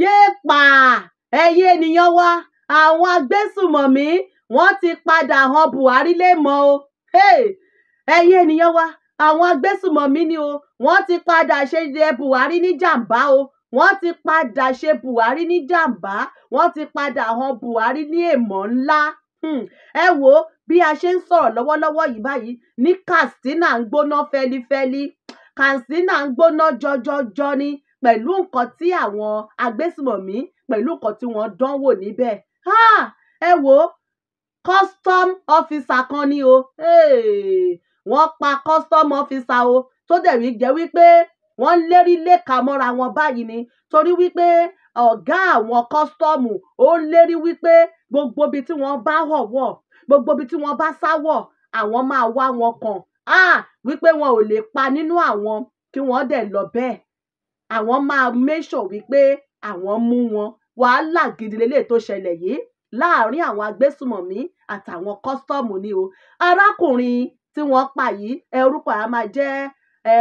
yéé pàà ẹ̀yin ènìyàn wa àwọn agbésùmọ̀mí wọ́n ti padà han buhari lémọ̀ o ẹ̀yin ènìyàn wa àwọn agbésùmọ̀mí ni o wọ́n ti padà ṣe jẹ buhari ní jàǹbá o wọ́n ti padà ṣe buhari ní jàǹbá wọ́n ti padà han buhari ní èmọ̀ ńlá hmm. ẹ wo bí a ṣe ń sọ̀rọ̀ lọ́wọ́lọ́wọ́ yìí báyìí ní katsina ń gbóná fẹlifẹli katsina ń gbóná jọjọjọ ni pẹ̀lú nǹkan tí àwọn agbésùmọ̀mí pẹ̀lú nǹkan tí wọ́n dánwò níbẹ̀ ah! ẹ wo custom officer kan ni o wọ́n pa custom officer o tó dẹ̀ wí jẹ́ wípé wọ́n lérí léka mọ́ra wọn báyìí ni torí wípé ọ̀gá àwọn kọ́sítọ́ọ̀mù ó lérí wípé gbogbo ibi tí wọ́n bá họ̀wọ̀ gbogbo ibi tí wọ́n bá sáwọ̀ àwọn máa wá wọn kàn á ah! wípé wọn ò lè pa nínú àwọn kí wọ́n dẹ̀ lọ bẹ́ẹ̀ àwọn máa make sure wípé àwọn mú wọn wàhálà gidi lélẹ̀ tó ṣẹlẹ̀ yìí láàárín àwọn agbésùmọ̀mí àtàwọn kọ́sítọ́ọ̀mù ni o arákùnrin tí wọ́n pa yìí orúkọ á máa jẹ́ ẹ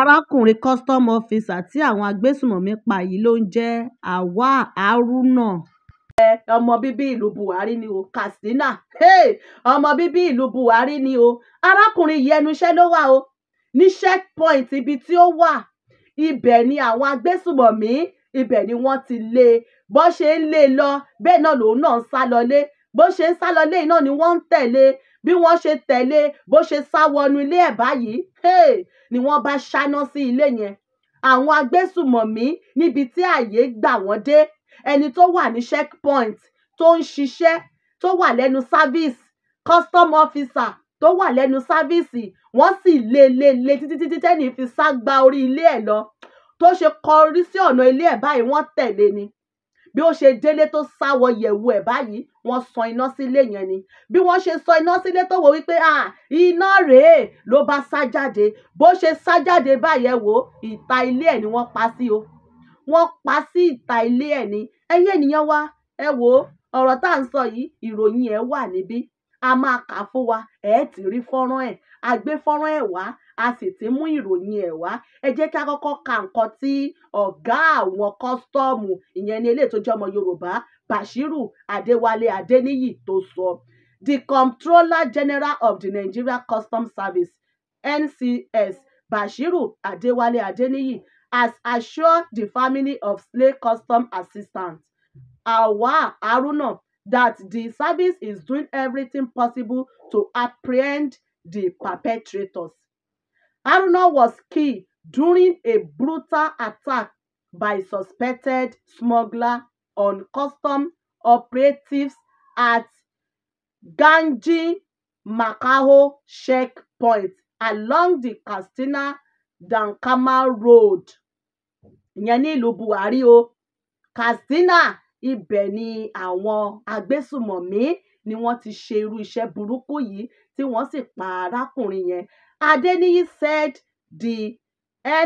arákùnrin custom officer tí àwọn agbésùmọ̀mí pa yìí ló ń jẹ́ àwa haruna ọmọ bíbí ìlú buhari ni o katsina ọmọ bíbí ìlú buhari ni o arákùnrin yìí ẹnu iṣẹ́ ló wà o ní checkpoint ibi tí ó wà ibẹ̀ ni àwọn agbésùmọ̀mí ibẹ̀ ni wọ́n ti lé e bó ṣe ń lé e lọ bẹ́ẹ̀ náà lòun náà ń sá lọlé bó ṣe ń sá lọlé yìí náà ni wọ́n ń tẹ̀lé bí wọ́n ṣe tẹ̀lé bó ṣe sá wọnú ilé ẹ̀ báyìí hey, ni wọ́n bá ṣáná sí ilé yẹn àwọn agbésùmọ̀mí níbi tí ààyè gbà wọ́n dé ẹni tó wà ní checkpoint tó ń ṣiṣẹ́ tó wà lẹ́nu service custom officer tó wà lẹ́nu sáfíìsì wọ́n sì lé lé lé títí títí tẹ́nì fi sá gba orí ilé ẹ̀ lọ tó ṣe kọrí sí ọ̀nà ilé ẹ̀ báyìí wọ́n tẹ̀lé ni bí ó ṣe délé tó sá wọ yẹ̀wù ẹ̀ báyìí wọ́n sọ iná sílé yẹn ni bí wọ́n ṣe sọ iná sílé tó wò wípé à iná rèé ló bá sá jáde bó ṣe sá jáde báyìí ẹ wò ìta ilé ẹ̀ ni wọ́n pa sí o wọ́n pa sí ìta ilé ẹ̀ ni ẹ̀yin ènìyàn wa ẹ wò ọ̀rọ̀ tá à ń sọ yìí ìròyìn ẹ̀ wà níbí a máa kà fún wa ẹ ẹ ti rí fọ́nrán ẹ̀ a gbé fọ́nrán ẹ̀ wá a sì ti mú ìròyìn ẹ̀ wá ẹ jẹ́ ká kọ́kọ́ ka nǹkan tí ọ̀gá àwọn kọ́sítọ́ọ̀mù ìyẹn ni eléyìí tó ọmọ Yorùbá Bashiru Adéwálé Adéníyì tó sọ the Comptroller General of the Nigeria Customs Service NCS Bashiru Adéwálé Adéníyì has assured the family of slain customs assistants Awa Haruna that the service is doing everything possible to apprehend the perpetrators. Arnold was key during a brutal attack by suspected smuggler on custom operatives at Ganji Makaho checkpoint along the Castina Dankama road ìyẹn ní Castina ibẹ̀ ni àwọn agbésùmọ̀mí ni wọ́n ti ṣe irú iṣẹ́ burúkú yìí tí wọ́n sì pa arákùnrin yẹn Adeniyi said the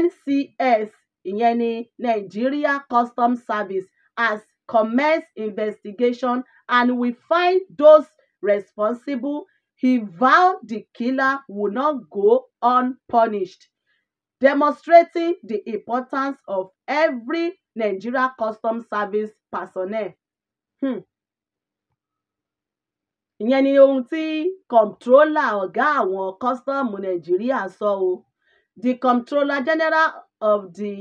NCS ìyẹn ni Nigeria Customs Service has commenced investigation and will find those responsible he vowed the killer would not go unpunished demonstrating the importance of every Nigeria Customs Service personnel. Hmm. Ìyẹn ni ohun tí comptroller ọ̀gá àwọn Customs Nigeria, sọ o. The comptroller general of the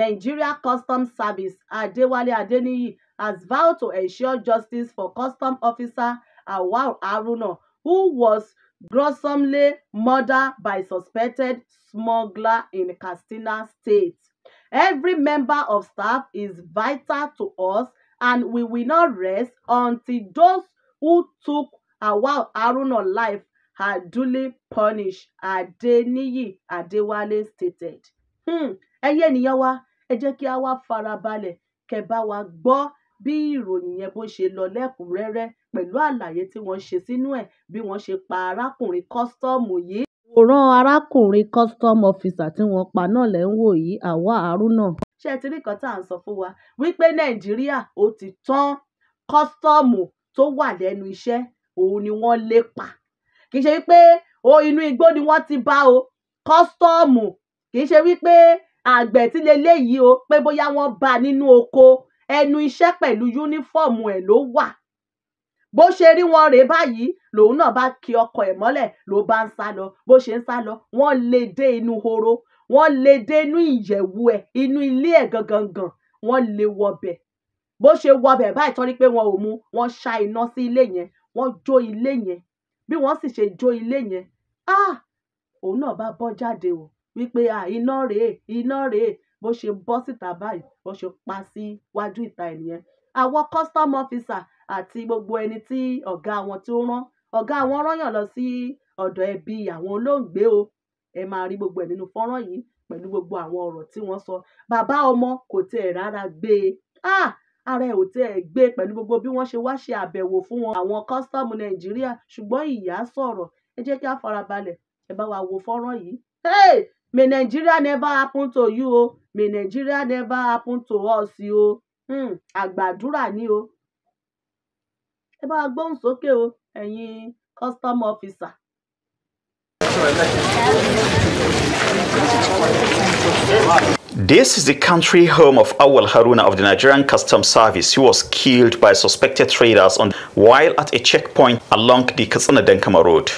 Nigeria Customs Service Adewale Adeniyi has vowed to ensure justice for custom officer Awal Haruna who was gruesomely murdered by suspected smuggler in Katsina State. Every member of staff is vital to us and we will not rest until those who took our Haruna life are duly punished, Adeniyi Adewale stated. Hmm. Ẹyẹ niyawa, wa, ẹ jẹ́ kí a wá farabalẹ̀ kẹ́ bá wa gbọ́ bí ìròyìn yẹn bó ṣe lọ lẹ́kùnrẹ́rẹ́ pẹ̀lú àlàyé tí wọ́n ṣe sínú ẹ̀ bí wọ́n ṣe pa arákùnrin kọ́sítọ́ọ̀mù àwòrán arákùnrin custom officer tí wọ́n pa náà lẹ́ ń wò yìí àwa haruna. ṣé ẹ ti rí nǹkan tá à ń sọ fún wa wípé nàìjíríà ó ti tán kọ́sítọ́ọ̀mù tó wà lẹ́nu iṣẹ́ òun ni wọ́n lé pa kì í ṣe wípé o inú igbó ni wọ́n ti bá o kọ́sítọ́ọ̀mù kì í ṣe wípé àgbẹ̀ tí leléyìí o pé bóyá wọ́n bá nínú oko ẹnu iṣẹ́ pẹ̀lú yúnífọ́ọ̀mù ẹ̀ ló wà bó ṣe rí wọn rèé báyìí lòun náà bá ki ọkọ ẹ̀ mọ́lẹ̀ ló bá ń sá lọ bó ṣe ń sá lọ wọ́n lè dé inú horo wọ́n lè dé inú ìyẹ̀wù ẹ̀ inú ilé ẹ̀ gangan wọ́n lè wọbẹ̀ bó ṣe wọbẹ̀ báyìí torí pé wọn ò mú wọn ṣá iná sí ilé yẹn wọ́n jó ilé yẹn bí wọ́n sì ṣe jó ilé yẹn ah òun náà bá bọ́ jáde o wípé ah iná rèé iná rèé bó ṣe bọ́ síta báyìí bó ṣe pa sí wájú ìta ẹ̀ nìyẹn àwọn custom officer àti gbogbo ẹni tí ọ̀gá wọn tí ó rán ọ̀gá wọn rányàn lọ sí ọ̀dọ̀ ẹbí àwọn olóògbé o ẹ máa rí gbogbo ẹ̀ nínú fọ́nrán yìí pẹ̀lú gbogbo àwọn ọ̀rọ̀ tí wọ́n sọ bàbá ọmọ kò tiẹ̀ rárá gbé e ara ẹ̀ ò tiẹ̀ gbé e pẹ̀lú gbogbo bí wọ́n ṣe wá ṣe àbẹ̀wò fún wọn àwọn kọ́sítọ́ọ̀mù nàìjíríà ṣùgbọ́n ìyá sọ̀rọ̀ ẹ jẹ́ kí a farabalẹ̀ ẹ bá wa wo fọ́nrán yìí hey may Nigeria never happen to you o may Nigeria never happen to us o hmm, àgbàdúrà ni o ẹ bá sókè o ẹ̀yin custom officer. This is the country home of Awal Haruna of the Nigerian Customs Service, who was killed by suspected traders on, while at a checkpoint along the Katsina Denkama Road.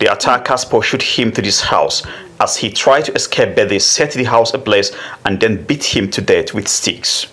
The attackers pursued him to his house as he tried to escape, but they set the house ablaze and then beat him to death with sticks.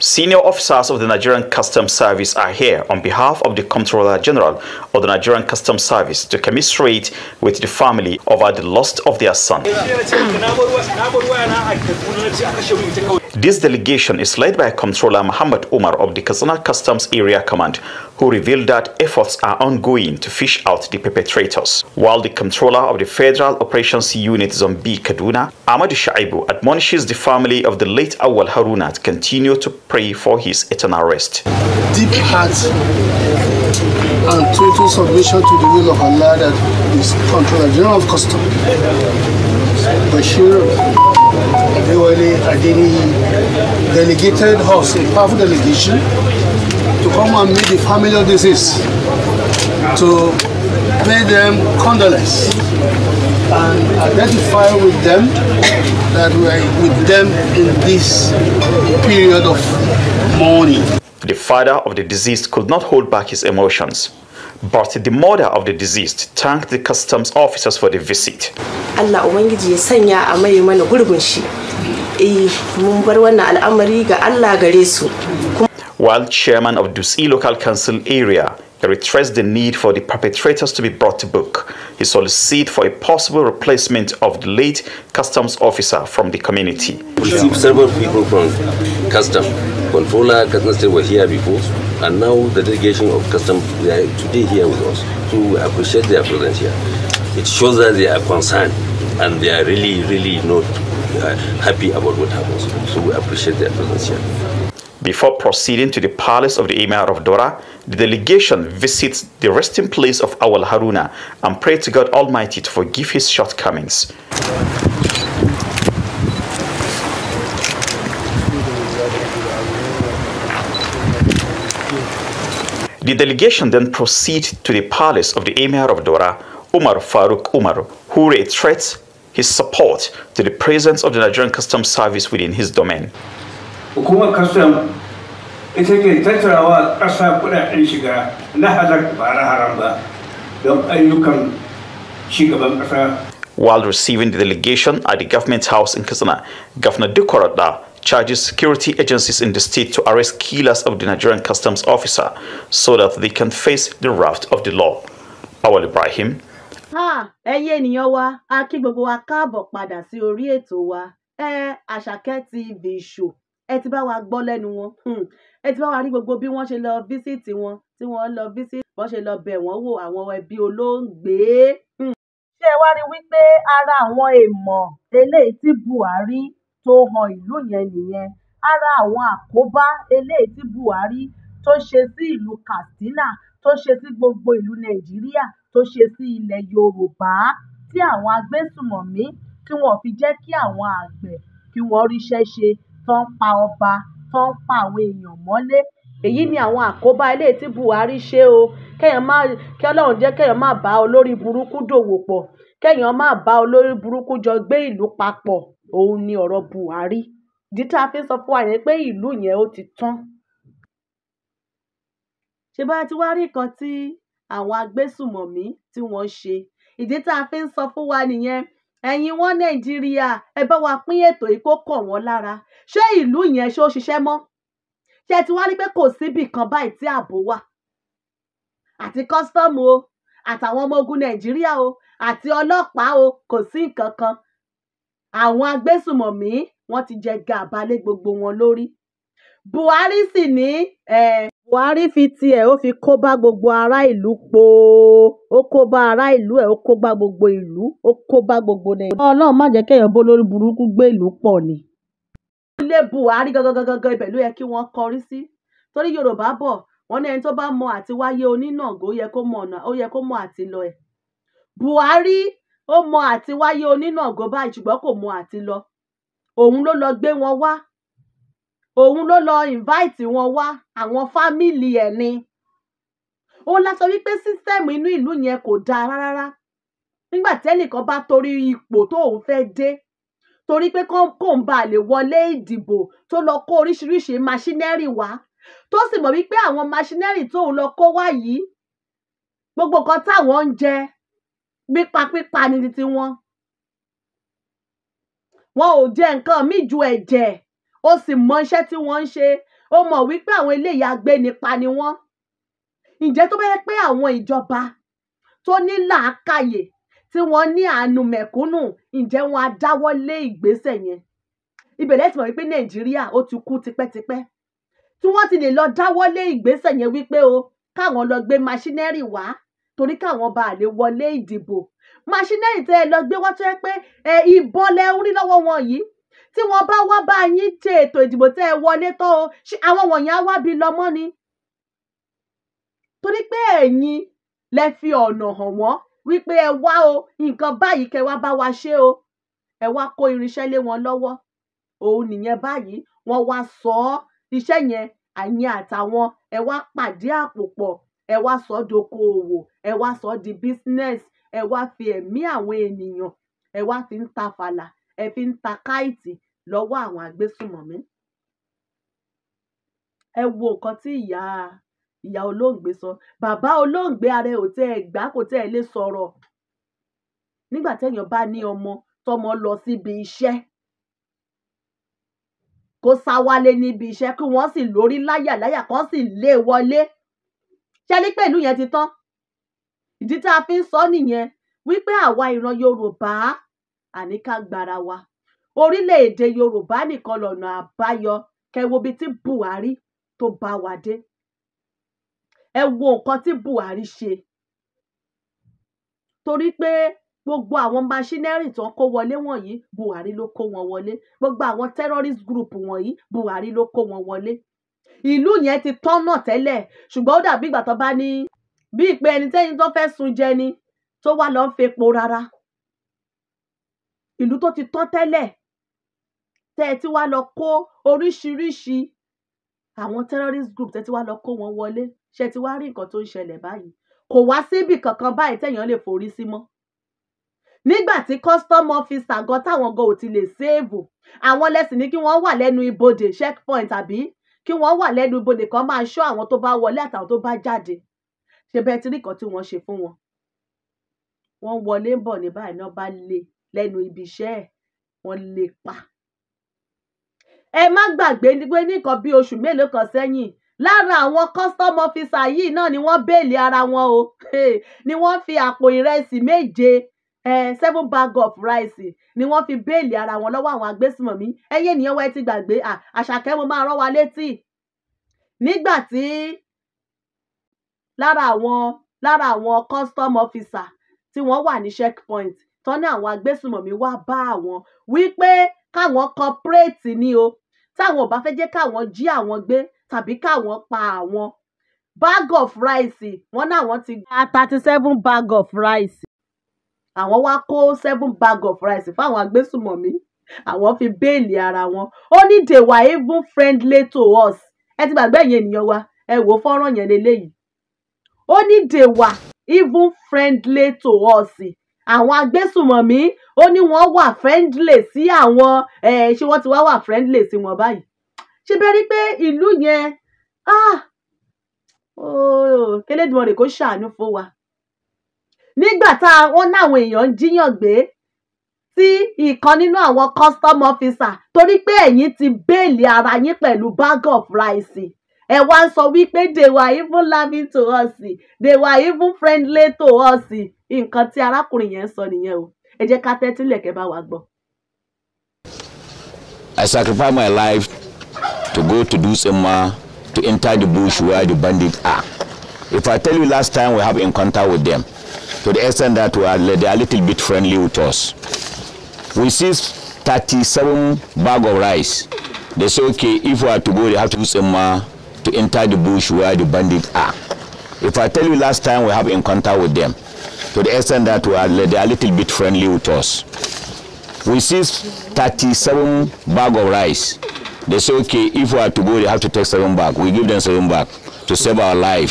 Senior officers of the Nigerian Customs Service are here on behalf of the Comptroller General of the Nigerian Customs Service to commiserate with the family over the loss of their son. this delegation is led by Comptroller Muhammad Umar of the Kazana Customs Area Command, who revealed that efforts are ongoing to fish out the perpetrators. While the Comptroller of the Federal Operations Unit Zombie Kaduna, Ahmad Shaibu, admonishes the family of the late Awal Haruna to continue to pray for his eternal rest. Deep heart and total submission to the will of Allah that is controlled. You know, of custom. Bashir Adewale Adeniyi delegated us, a powerful delegation, to come and meet the family of deceased to pay them condolence. and identify with them that we are with them in this period of mourning. The father of the deceased could not hold back his emotions, but the mother of the deceased thanked the customs officers for the visit. Allah Ubangiji sanya mana gurbin shi. Eh, mun bar wannan al'amari ga Allah gare su. While chairman of Dusi local council area, reiterates the need for the perpetrators to be brought to book. He solicits for a possible replacement of the late customs officer from the community. We received several people from customs, Controller, customs. were here before, and now the delegation of customs they are today here with us. So we appreciate their presence here. It shows that they are concerned and they are really, really not uh, happy about what happens. So we appreciate their presence here. Before proceeding to the palace of the Emir of Dora, the delegation visits the resting place of Awal Haruna and pray to God Almighty to forgive his shortcomings. The delegation then proceed to the palace of the Emir of Dora, Umar Faruk Umar, who reiterates his support to the presence of the Nigerian Customs Service within his domain hukumar kastam ita ke tattarawa ƙasa kudaden shiga na halar haram ba don ayyukan shugaban ƙasa. While receiving the delegation at the government house in Katsina, Governor Dukorada charges security agencies in the state to arrest killers of the Nigerian customs officer so that they can face the wrath of the law. Awal Ibrahim. Ha! Ẹyẹ ènìyàn wa, a kí gbogbo wa káàbọ̀ padà sí orí ètò wa. Ẹ Àṣàkẹ́ TV show. ẹ ti bá wa gbọ́ lẹ́nu wọn hmm, ẹ ti bá wa rí gbogbo bí wọ́n ṣe lọ físìtì wọn tí wọ́n lọ físìtì wọ́n ṣe lọ bẹ̀ wọ́n wò àwọn ẹbí olóògbé. Hmm, ṣé ẹ wá rí wípé ara àwọn èèmọ̀ eléyìí tí Buhari tó han ìlú yẹn nìyẹn ara àwọn àkóbá eléyìí tí Buhari tó ṣe sí ìlú Katsina tó ṣe sí gbogbo ìlú Nàìjíríà tó ṣe sí ilẹ̀ Yorùbá tí àwọn agbésùmọ̀mí tí wọ́n fi jẹ́ kí àwọn àgbẹ̀ kí wọ́n ríṣẹ́ ṣe tó ń pa ọba tó ń pa àwọn èèyàn mọ́lé èyí ni àwọn àkóbá eléyìí tí buhari ṣe o kéèyàn má kí ọlọ́run jẹ́ kéèyàn má bá olórí burúkú dòwò pọ̀ kéèyàn má bá olórí burúkú jọ gbé ìlú papọ̀ òun ni ọ̀rọ̀ buhari ìdí tá a fi ń sọ fún wa yẹn pé ìlú yẹn ó ti tán. ṣé bá a ti wá rí nǹkan tí àwọn agbésùmọ̀mí tí wọ́n ṣe ìdí tá a fi ń sọ fún wa nìyẹn ẹ̀yin wọn nàìjíríà ẹ bá wa pín ètò yìí kó kàn wọ́n lára ṣé ìlú yẹn ṣó ṣiṣẹ́ mọ́ ṣé ẹ ti wá rí pé kò síbì kan báyìí tí ààbò wà àti kọ́sítọ́ọ̀mù o àtàwọn ọmọ ogun nàìjíríà o àti ọlọ́pàá o kò sí nǹkan kan àwọn agbésùmọ̀mí wọ́n ti jẹ gàba lé gbogbo wọn lórí buhari sì ní buhari fi tiẹ̀ ó fi kó bá gbogbo ará ìlú pọ̀ ó kó bá ará ìlú ẹ̀ ó kó bá gbogbo ìlú ó kó bá gbogbo nàìjíríà ọlọ́run má jẹ́ kéèyàn bó lórí burúkú gbé ìlú pọ̀ ni ilé buhari gangan ibẹ̀ ló yẹ kí wọ́n kọrí sí torí yorùbá bọ̀ wọ́n ní ẹni tó bá mọ àti wáyé onínàgó ó yẹ kó mọ ọ̀nà ó yẹ kó mọ àti lọ ẹ̀ buhari ó mọ àti wáyé onínàgó báyìí ṣùgbọ́n kò mọ àti lọ òun ló lọ gbé wọn wá òun ló lọ invite wọn wá àwọn fámìlì ẹ̀ ni òun la sọ wípé sísẹ́ẹ̀mù inú ìlú yẹn kò dáa rárá nígbà tẹ́nìkan bá torí ipò tó òun fẹ́ dé torí pé kóun bá lè wọlé ìdìbò tó lọ kó oríṣiríṣi maṣínẹ́rì wá tó sì mọ̀ wípé àwọn maṣínẹ́rì tóun lọ kó wá yìí gbogbo nǹkan táwọn ń jẹ pípa pípa ti tiwọn wọn ò jẹ nǹkan míì ju ẹ̀jẹ̀ ó sì mọ iṣẹ́ tí wọ́n ń ṣe ó mọ̀ wípé àwọn eléyìí agbénipa ni wọ́n ǹjẹ́ tó bá yẹ pé àwọn ìjọba tó ní làákàyè tí wọ́n ní àánú mẹ̀kúnnù ǹjẹ́ wọn á dáwọ́ lé ìgbésẹ̀ yẹn ibẹ̀ lẹ́sìn mọ̀ wípé nàìjíríà ó ti kú tipẹ́tipẹ́ tí wọ́n ti lè lọ dáwọ́ lé ìgbésẹ̀ yẹn wípé o káwọn lọ gbé maṣínẹ́rì wá torí káwọn bá lè wọlé ìdìbò maṣínẹ́rì tẹ́ ẹ lọ gbé wá tó yẹ pé ẹ ìbọn lẹ ń rí lọ́wọ́ wọn yìí tí wọ́n bá wá bá yín ṣe ètò ìdìbò tẹ́ ẹ wọlé tó o àwọn wọ̀nyí á wá bí lọ́mọ́ ni torí pé ẹ̀yin lẹ fi ọ̀nà hàn wọ́n wípé ẹ wá o nǹkan báyìí kẹ wá bá wa ṣe o ẹ wá kó irinṣẹ́ lé wọn lọ́wọ́ òun nìyẹn báyìí wọ́n wá sọ ọ́ iṣẹ́ yẹn àyìn àtàwọn ẹ wá pàdé àpò pọ̀ ẹ wá sọ ọ́ dókòòwò ẹ wá sọ ọ́ di business ẹ wá fi ẹ̀mí àwọn ènìyàn ẹ wá fi ń ta fàlà ẹ fi ń ta káìtì lọ́wọ́ àwọn agbésùnmọ̀mí. ẹ wo nǹkan tí ìyá ìyá olóògbé sọ bàbá olóògbé ara ẹ̀ ò tẹ́ ẹ gbà kò tẹ́ ẹ lè sọ̀rọ̀ nígbà téèyàn bá ní ọmọ tọmọ lọ síbi iṣẹ́ kó sá wálé níbi iṣẹ́ kí wọ́n sì lórí láyà láyà kán sì lé e wọlé ṣẹ́lí pẹ̀lú yẹn ti tán ìdí tá a fi ń sọ nìyẹn wípé àwa ìran Yorùbá àní ká gbára wa orílẹ̀-èdè Yorùbá nìkan lọ̀nà àbáyọ kẹwo bíi ti Buhari tó bá wa dé ẹ wo nǹkan tí Buhari ṣe torí pé gbogbo àwọn maṣínẹ́rì tó ń kó wọlé wọ̀nyí Buhari ló kó wọn wọlé gbogbo àwọn terrorist group wọ̀nyí Buhari ló kó wọn wọlé ìlú yẹn ti tọ́nà tẹ́lẹ̀ ṣùgbọ́n ó dàbí ìgbà tó bá ní bíi pé ẹni tẹ́ni tó fẹ́ sun jẹ tó wá lọ́ọ́ fepo rárá ìlú tó ti tán tẹ́lẹ̀ tẹ́ ẹ ti wá lọ kó oríṣiríṣi àwọn terrorist group tẹ́ ti wá lọ kó wọn wọlé ṣe ti wá rí nǹkan tó ń ṣẹlẹ̀ báyìí kò wá síbì kankan báyìí téèyàn lè forí sí mọ́ nígbà tí custom officer gan táwọn gan ò ti lè séèvù àwọn lẹ́sìn ní kí wọ́n wà lẹ́nu ibodè checkpoint àbí kí wọ́n wà lẹ́nu ibodè kan máa ṣọ́ àwọn tó bá wọlé àtàwọn tó bá jáde ṣe bẹ́ẹ̀ tí nìkan tí wọ́n ṣe fún wọn wọ́n wọlé ń bọ̀ ní báyìí náà bá lé lẹ́nu ibi iṣẹ́ ẹ̀ wọ́n lè pa ẹ má gbàgbé pé nìkan bí oṣù mélòó kan sẹ́yìn lára àwọn custom officer yìí náà ni wọ́n béèlì ara wọn o ni wọ́n fi àpò ìrẹsì méje seven bag of rice ni wọ́n fi béèlì ara wọn lọ́wọ́ àwọn agbésùmọ̀mí ẹyẹ ènìyàn wa ẹ ti gbàgbé àṣàkẹ́ mo máa rán wa létí nígbà tí lára àwọn lára àwọn custom officer tí wọ́n wà ní checkpoint tán ní àwọn agbésùmọ̀mí wá bá àwọn wípé káwọn corporate ni o táwọn ò bá fẹ́ jẹ́ káwọn jí àwọn gbé tàbí káwọn pa àwọn bag of rice wọn náà wọn ti gba thirty seven bag of rice àwọn wá kó seven bag of rice fáwọn agbésùmọ̀mí àwọn fi béèlì ara wọn ó ní they were even friendly to us ẹ ti gbàgbé ẹ̀yin ènìyàn wa ẹ wò fọ́nrán yẹn lélẹ́yìí ó ní they were even friendly to us àwọn agbésùmọ̀mí ó ní wọ́n wà friendly sí àwọn ẹ̀ ṣé wọ́n ti wá wà friendly sí wọn báyìí ṣé bẹ́ẹ̀ rí pé ìlú yẹn ah ooo ṣàánú fún wa nígbà tá a láwọn èèyàn ń jíyàn gbé tí ìkan nínú àwọn custom officer torí pé ẹ̀yin ti béèlì ara yín pẹ̀lú bag of rice ẹ wá ń sọ wípé they were even loving to us they were even friendly to us nǹkan tí arákùnrin yẹn ń sọ nìyẹn o ẹ jẹ́ ká tẹ́tí lẹ̀kẹ́ bá wa gbọ́. I sacrifice my life to go to Dusema uh, to enter the bush where the bandits are. If I tell you last time we have encounter with them, to the extent that we are, they are a little bit friendly with us. We see 37 bag of rice. They say, okay, if we are to go, they have to use Emma uh, to enter the bush where the bandits are. If I tell you last time we have encounter with them, to the extent that we are, they are a little bit friendly with us. We see 37 bag of rice. They say, okay, if we are to go, they have to take seven back. We give them seven back to save our life.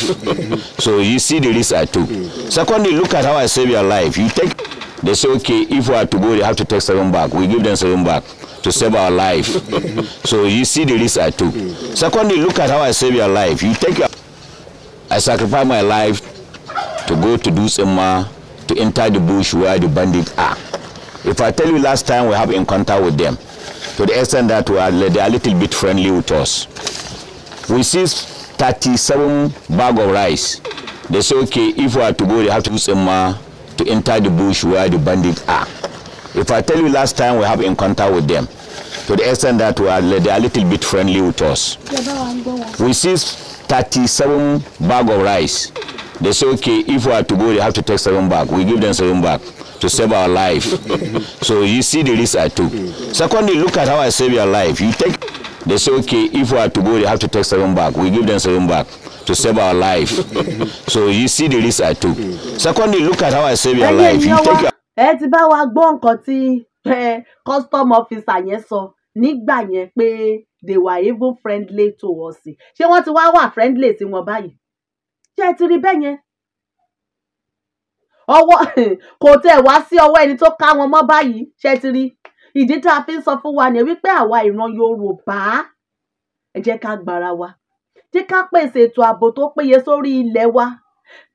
so you see the risk I took. Secondly, look at how I save your life. You take, they say, okay, if we are to go, they have to take seven back. We give them seven back to save our life. so you see the risk I took. Secondly, look at how I save your life. You take your, I sacrifice my life to go to Dusema to enter the bush where the bandits are. If I tell you last time we have encounter with them, to the extent that we are, they are a little bit friendly with us. We see 37 bag of rice. They say, okay, if we are to go, they have to use a ma to enter the bush where the bandits are. If I tell you last time we have encounter with them, to the extent that we are, they are a little bit friendly with us. We see 37 bag of rice. They say, okay, if we are to go, they have to take seven bag. We give them seven bag. to save our life. so you see the risk I took. Secondly, look at how I save your life. You take, they say, okay, if we are to go, they have to take seven back. We give them seven back to save our life. so you see the risk I took. Secondly, look at how I save your life. You take your. ẹ ti bá wa gbọ́ nǹkan tí custom officer yẹn sọ nígbà yẹn pé they were even friendly to us ṣé wọ́n ti wá wà friendly sí wọn báyìí ṣé ẹ ti rí bẹ́ẹ̀ yẹn ọwọ́ kò tẹ̀ wá sí ọwọ́ ẹni tó ká wọn mọ́ báyìí ṣe ti rí ìdí tá a fi ń sọ fún wa ni wípé àwa ìran Yorùbá ẹ jẹ́ ká gbára wa tí ká pèsè ètò ààbò tó péye sórí ilẹ̀ wa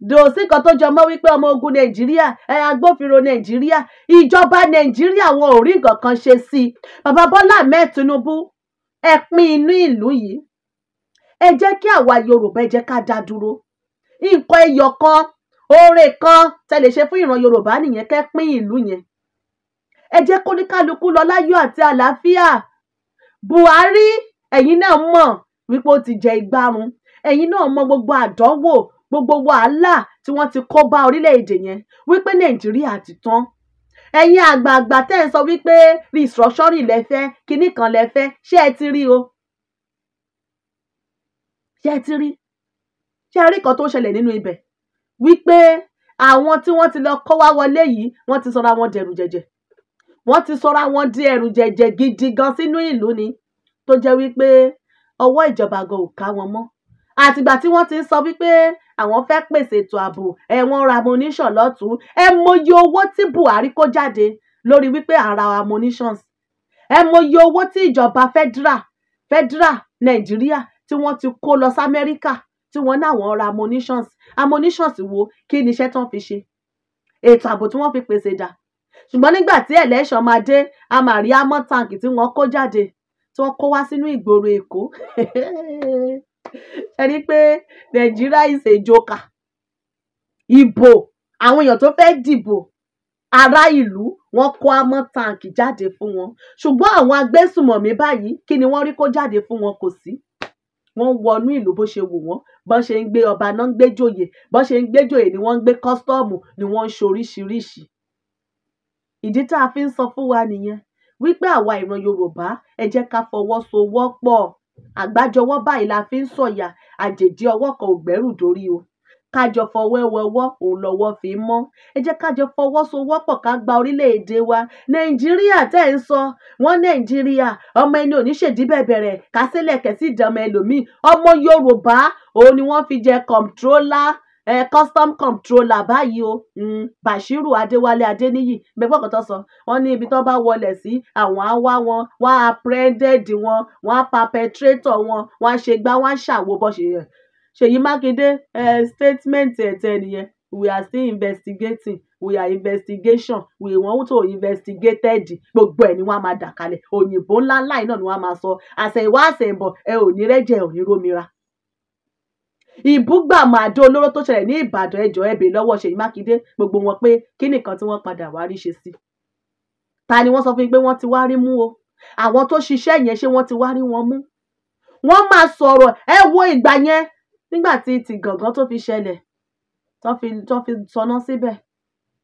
dòsí kan tó jọ mọ́ wípé ọmọ ogun nàìjíríà ẹ agbófinró nàìjíríà ìjọba nàìjíríà wọn ò rí nǹkan kan ṣe sí i bàbá Bọ́lá Ahmed Tinubu ẹ pín inú ìlú yìí ẹ jẹ́ kí àwa Yorùbá ẹ jẹ́ ká dá dúró nǹkan ẹyọ kan oore kan tẹ́ lè ṣe fún ìran yorùbá nìyẹn kẹ́ pín ìlú yẹn ẹ jẹ́ kó ní kálukú lọ láyọ̀ àti àlàáfíà buhari ẹ̀yin náà mọ̀ wípé ó ti jẹ ìgbárun ẹ̀yin náà mọ̀ gbogbo àdánwò gbogbo wàhálà tí wọ́n ti kó bá orílẹ̀-èdè yẹn wípé nàìjíríà ti tán ẹ̀yin àgbààgbà tẹ́ ẹ̀ sọ wípé restructuring lẹ́fẹ́ kinní kan lẹ́fẹ́ ṣé ẹ ti rí o ṣé ẹ ti rí ṣé ẹ rí kan tó ń ṣẹlẹ̀ nínú ibẹ̀ wípé àwọn tí wọ́n ti lọ kó wá wọlé yìí wọ́n ti sọra wọn dẹrù jẹjẹ wọ́n ti sọra wọn di ẹrù jẹjẹ gidi gan sínú ìlú ni tó jẹ́ wípé ọwọ́ ìjọba gan ò ká wọn mọ́ àtìgbà tí wọ́n ti ń sọ wípé àwọn fẹ́ pèsè ètò ààbò ẹ wọ́n ra ammunition lọ́tún ẹ mọyì owó tí Buhari kó jáde lórí wípé à ń ra ammunitions ẹ mọyì owó tí ìjọba federal federal Nàìjíríà tí wọ́n ti kó lọ sí Amẹ́ríkà tí wọ́n náwọn ra ammunitions ammunitions wo kí ni iṣẹ́ tán fi ṣe ètò ààbò tí wọ́n fi pèsè dà ṣùgbọ́n nígbà tí ẹ̀lẹ́ṣọ̀ máa dé a máa rí amọ́ táǹkì tí wọ́n kó jáde tí wọ́n kó wá sínú ìgboro Èkó ẹ rí i pé Nàìjíríà is a joker ìbò àwọn èèyàn tó fẹ́ dìbò ará ìlú wọ́n kó amọ́ táǹkì jáde fún wọn ṣùgbọ́n àwọn agbésùmọ̀mí báyìí kí ni wọ́n rí kó jáde fún wọn kò sí. Si wọ́n ń wọnú ìlú bó ṣe wù wọ́n bọ́n ṣe ń gbé ọba náà ń gbé jòyè bọ́n ṣe ń gbé jòyè ni wọ́n ń gbé kọ́sítọ́ọ̀mù ni wọ́n ń ṣoríṣiríṣi. ìdí tá a fi ń sọ fún wa nìyẹn wípé àwa ìran Yorùbá ẹ jẹ́ ká fọwọ́sowọ́pọ̀ àgbájọwọ́ báyìí la fi ń sọ̀yà àjèjì ọwọ́ kan ò dórí o kájọ fọwẹ́wẹwọ́ òun lọ́wọ́ fi mọ́ ẹ jẹ́ kájọ fọwọ́sowọ́pọ̀ ká gba orílẹ̀-èdè wa nàìjíríà tẹ́ ń sọ wọ́n nàìjíríà ọmọ ẹni oníṣèdí bẹ̀bẹ̀rẹ̀ kásílẹ̀kẹ̀ sí ìdánmọ ẹlòmíì ọmọ yorùbá òun ni wọ́n fi jẹ comptroller eh, custom comptroller báyìí o mm, bashiru adéwálé adéníyì gbẹgbọ́n kan tó sọ wọ́n ní ibi tó bá wọlé sí àwọn á wá wọn wọ́n á apprehended wọn wọ́n á perpetrator wọn wọ́n á ṣe gbá wọ́n á ṣàwo bọ́ ṣèyí mákindé um statement ẹ̀ nìyẹn we are still investigating we are investigation we want to investigated gbogbo ẹ̀ ni wọ́n á máa dà kalẹ̀ òyìnbó ńláńlá yìí náà ni wọ́n á máa sọ àṣẹ̀wá àṣẹ̀bọ̀ ẹ ò ní rẹ́jẹ ẹ ò ní rómira ìbúgbàmù àdó olóró tó ṣẹlẹ̀ ní ìbàdàn ẹjọ́ ẹbẹ̀ lọ́wọ́ ṣèyí mákindé gbogbo wọn pé kí nìkan tí wọ́n padà wá rí ṣe sí ta ni wọ́n sọ fún yín pé wọ́n ti wá rí mú o àwọn tó ṣiṣẹ́ yẹn ṣé wọ́n ti wá rí wọn mú wọ́n máa sọ̀rọ̀ ẹ wo ìgbà yẹn nígbà tí ti gàngán tó fi ṣẹlẹ̀ tán fi tán fi sọná síbẹ̀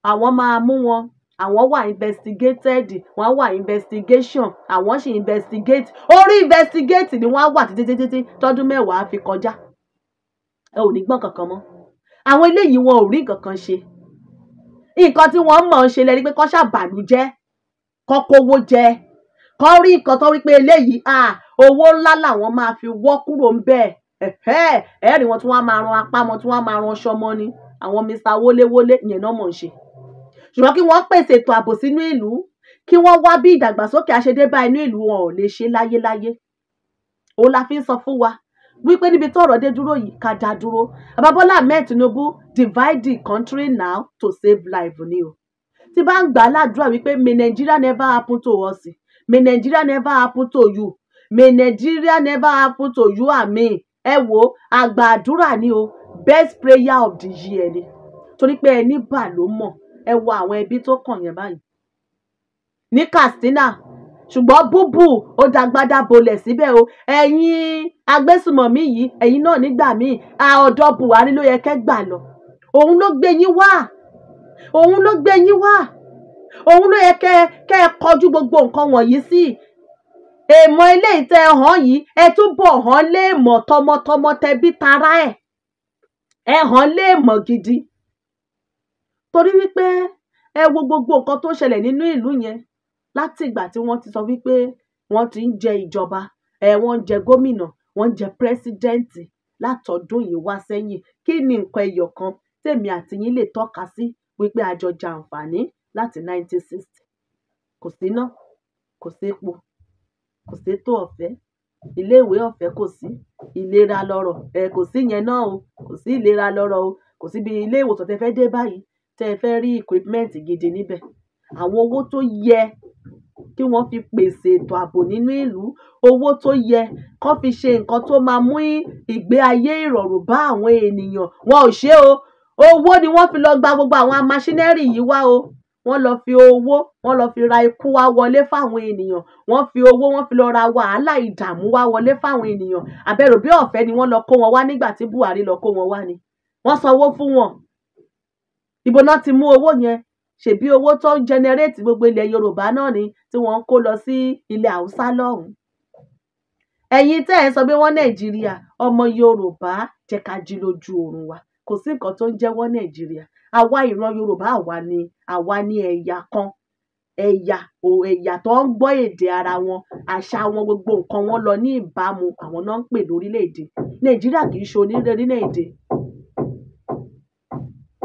àwọn máa mú wọn àwọn wà investigated wọ́n wà investigation àwọn sì investigate orí investigate ni wọ́n wà títí títí tọ́dún mẹ́wàá fi kọjá ẹ ò ní gbọ́n kankan mọ́ àwọn eléyìí wọn ò rí nǹkan kan ṣe nǹkan tí wọ́n mọ̀ ń ṣe lẹ́ni pé kọ́ ṣàbànújẹ́ kọ́ kówó jẹ kọ́ rí nǹkan tó rí pé eléyìí owó ńlá làwọn máa fi wọ́ kúrò ń bẹ́ẹ̀ ẹ̀ẹ́rì wọn tí wọ́n á máa ran apá mọ́ tí wọ́n á máa ran ọṣọ mọ́ ni àwọn mr wọléwọlé ìyẹn náà mọ̀ ń ṣe ṣùgbọ́n kí wọ́n pèsè ètò ààbò sínú ìlú kí wọ́n wá bí ìdàgbàsókè àṣedébá inú ìlú wọn ò lè ṣe láyéláyé òun la fi ń sọ fún wa wípé níbi tó ọ̀rọ̀ dé dúró yìí ká dá dúró Abábọ́lá Ahmed Tinubu divide the country now to save life ni o tí bá ń gbà á ládùúrà wípé may Nigeria never happen to us may Nigeria never happen to you may Nigeria never happen to you and me ẹ wo àgbà àdúrà ni o best prayer of the year ni torí pé ẹni bà ló mọ̀ ẹ wo àwọn ẹbí tó kàn yẹn báyìí ní Katsina ṣùgbọ́n búbù ó dàgbàdà bolẹ̀ síbẹ̀ o ẹ̀yin agbésùmọ̀mí yìí ẹ̀yin náà nígbà míì ọ̀dọ̀ Buhari ló yẹ kẹ́ gbà lọ òun ló gbé yín wá òun ló gbé yín wá òun ló yẹ kẹ́ kẹ́ kọjú gbogbo nǹkan wọ̀nyí sí èèmọ̀ eléyìí tẹ́ ẹ hàn yìí ẹ túbọ̀ hàn léèmọ̀ tọmọtọmọ tẹbí tará ẹ̀ ẹ hàn léèmọ̀ gidi torí wípé ẹ wo gbogbo nǹkan tó ṣẹlẹ̀ nínú ìlú yẹn láti ìgbà tí wọ́n ti sọ wípé wọ́n ti ń jẹ ìjọba ẹ wọ́n ń jẹ gómìnà wọ́n ń jẹ pírẹ́sídẹ́ǹtì látọdún yìí wá sẹ́yìn kí ni nǹkan ẹyọ kan tèmi àti yín lè tọ́ka sí wípé a jọ jẹ àǹfààní láti 1960 kò sí iná kò sí epo kò sétò ọ̀fẹ́ iléèwé ọ̀fẹ́ kò sí ìlera lọ́rọ̀ ẹ kò sí yẹn náà o kò sí ìlera lọ́rọ̀ o kò sí ibi ilé ìwòsàn tẹ́ fẹ́ dé báyìí tẹ́ fẹ́ rí equipment gidi níbẹ̀ àwọn owó tó yẹ kí wọ́n fi pèsè ètò ààbò nínú ìlú owó tó yẹ kó fi ṣe nǹkan tó máa mú ìgbé ayé ìrọ̀rùn bá àwọn ènìyàn wọn ò ṣe o owó ni wọ́n fi lọ gba gbogbo àwọn amasínẹ́rì yìí wá o wọ́n lọ fi owó wọ́n lọ fi ra ikú wá wọlé fáwọn ènìyàn wọ́n fi owó wọ́n fi lọ ra wàhálà ìdààmú wá wọlé fáwọn ènìyàn àbẹ̀rò bí ọ̀fẹ́ ni wọ́n lọ kó wọn wá nígbà tí Buhari lọ kó wọn wá ni wọ́n sanwó fún wọn ibo náà ti mú owó yẹn ṣèbí owó tó ń jẹnẹrétì gbogbo ilẹ̀ Yorùbá náà ni tí wọ́n ń kó lọ sí ilẹ̀ Haúsá lọ́hùn-ún ẹ̀yin tẹ́ ẹ̀ sọ pé wọ́n Nàìjíríà ọmọ Yorùbá jẹ́ ká jí lójú oorun wa kò sí nǹkan tó ń jẹ́wọ́ Nàìjíríà àwa ìran Yorùbá àwa ni àwa ni ẹ̀yà kan ẹ̀yà ò ẹ̀yà tó ń gbọ́ èdè ara wọn àṣà wọn gbogbo nǹkan wọn lọ ní ìbámu àwọn náà ń pè lórílẹ̀‐èdè Nàìjíríà kì í ṣe orílẹ̀‐èdè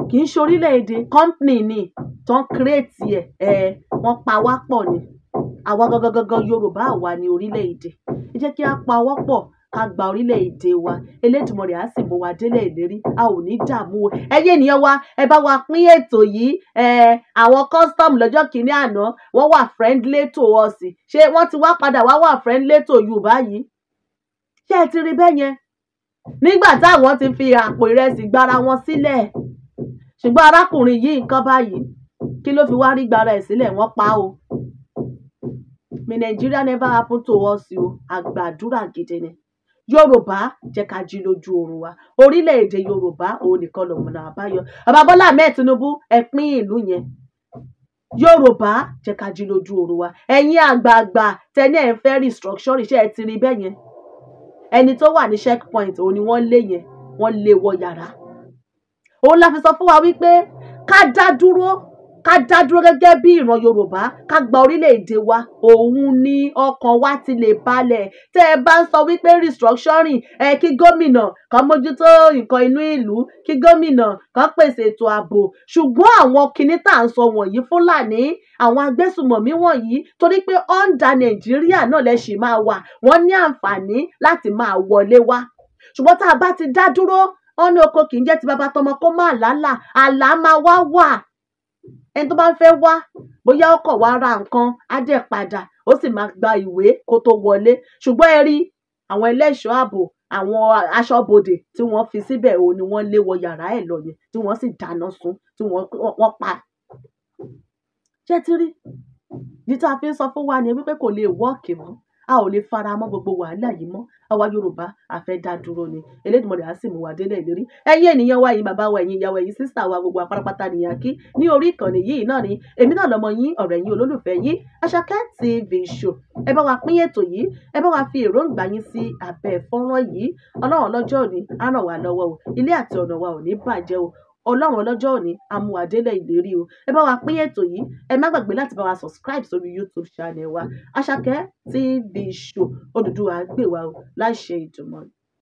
kì í ṣe orílẹ̀‐èdè company ni tó ń kírètì ẹ̀ ẹ̀ wọ́n pa wá pọ̀ ni àwa gangan gangan Yorùbá àwa ni orílẹ̀‐èdè ẹ jẹ́ kí á pa wọ́pọ̀ a gba orílẹ̀-èdè wa Elédùmarè á sì mú wa délẹ̀ ìlérí a ò ní dààmú o ẹ̀yin ènìyàn wa ẹ bá wa pín ètò yìí àwọn custom lọ́jọ́ kìíní àná wọ́n wà friendly to us ṣé wọ́n ti wá padà wá wà friendly to you báyìí ṣé ẹ ti rí bẹ́ẹ̀ yẹn nígbà táwọn ti fi àpò ìrẹsì gbára wọn sílẹ̀ ṣùgbọ́n arákùnrin yìí nǹkan báyìí kí ló fi wá rí gbára ẹ̀ sílẹ̀ wọ́n pa o mi Nigeria never happen to us o àgbàdúrà gidi ni yorùbá jẹ́ ká jí lójú oorun wa orílẹ̀-èdè yorùbá òun nìkan lọ̀nà àbáyọ bàbá bọ́lá ahmed tinubu ẹ pín ìlú yẹn yorùbá jẹ́ ká jí lójú oorun wa ẹ̀yin àgbààgbà tẹ́ni ẹ̀ ń fẹ́ restructure iṣẹ́ ẹ ti rí bẹ́ẹ̀ yẹn ẹni tó wà ní checkpoint òun ni wọ́n lé yẹn wọ́n lé wọ yàrá òun la fi sọ fún wa wípé ká dá dúró ká dá dúró gẹ́gẹ́ bí ìran yorùbá ká gba orílẹ̀-èdè wa òun ni ọkàn wa ti lè balẹ̀ tẹ́ ẹ bá ń sọ wípé restructuring ẹ kí gómìnà kan mójútó nǹkan inú ìlú kí gómìnà kan pèsè ètò ààbò ṣùgbọ́n àwọn kinní tá à ń sọ wọ̀nyí fúlàní àwọn agbésùmọ̀mí wọ̀nyí torí pé ọ̀ǹda nàìjíríà náà lẹ ṣì máa wà wọ́n ní àǹfààní láti máa wọlé wá ṣùgbọ́n tá a bá ti dá dúró wọn ní oko kì í jẹ́ ti bàbá tọmọ kó má làálà àlá máa wá wà ẹni tó bá fẹ́ wá bóyá ó kọ̀ wá ra nǹkan á dẹ̀ padà ó sì máa gba ìwé kó tó wọlé ṣùgbọ́n ẹ rí àwọn ẹlẹ́ṣọ́ ààbò àwọn aṣọ́bodè tí wọ́n fi síbẹ̀ òun ni wọ́n lé wọ yàrá ẹ̀ lọ yẹn tí wọ́n sì dáná sun tí wọ́n pa. ṣé ti rí ìdí tá a fi ń sọ fún wa ni wípé kò lè wọ́ọ̀kì mọ́ a ò lè fara mọ́ gbogbo wàhálà yìí mọ́ àwa yorùbá àfẹ́ dá dúró ni Elédùmarè á sì mú wa délẹ̀ ìlérí ẹ̀yin ènìyàn wa yìí bàbá wa ẹ̀yin ìyá wa ẹ̀yin sísá wa gbogbo apárápátá nìyà kí ní orí ìkànnì yìí náà ni èmi náà lọmọ yín ọ̀rẹ́ yín olólùfẹ́ yín Àṣàkẹ́ TV show ẹ bá wa pín ètò yìí ẹ bá wa fi èròǹgbà yín sí abẹ́ fọ́nrán yìí ọlọ́run lọ́jọ́ òní á ràn wá lọ́wọ́ o ilé àti ọ̀nà wa ò ní bàjẹ́ o ọlọ́run ọlọ́jọ́ òní amúadélẹ̀ ìlérí o ẹ bá wa pín ètò yìí ẹ má gbàgbé láti bá wa subscribe sórí youtube channel wa àṣàkẹ́ tv show Odùduwà gbè wá o láì ṣe ìdùnmọ́ ni.